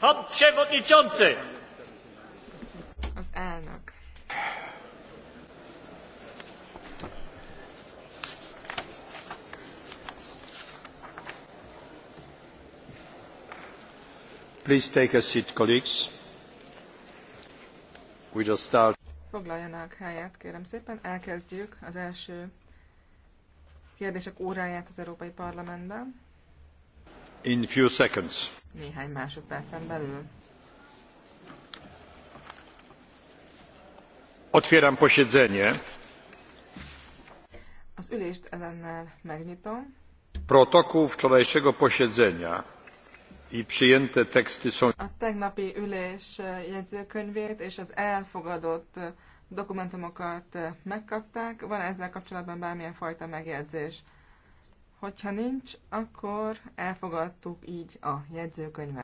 Pan przewodniczący! Az elnök. Please take a seat, colleagues. We just start. Foglaljanak helyet, kérem szépen. Elkezdjük az első kérdések óráját az Európai Parlamentben. In few seconds. Néhány másodpercen belül. posiedzenie. Az ülést ezennel megnyitom. Protokół wczorajszego posiedzenia i przyjęte teksty są... A tegnapi ülés jegyzőkönyvét és az elfogadott dokumentumokat megkapták. Van ezzel kapcsolatban bármilyen fajta megjegyzés? Hogyha nincs, akkor elfogadtuk így a jegyzőkönyvet.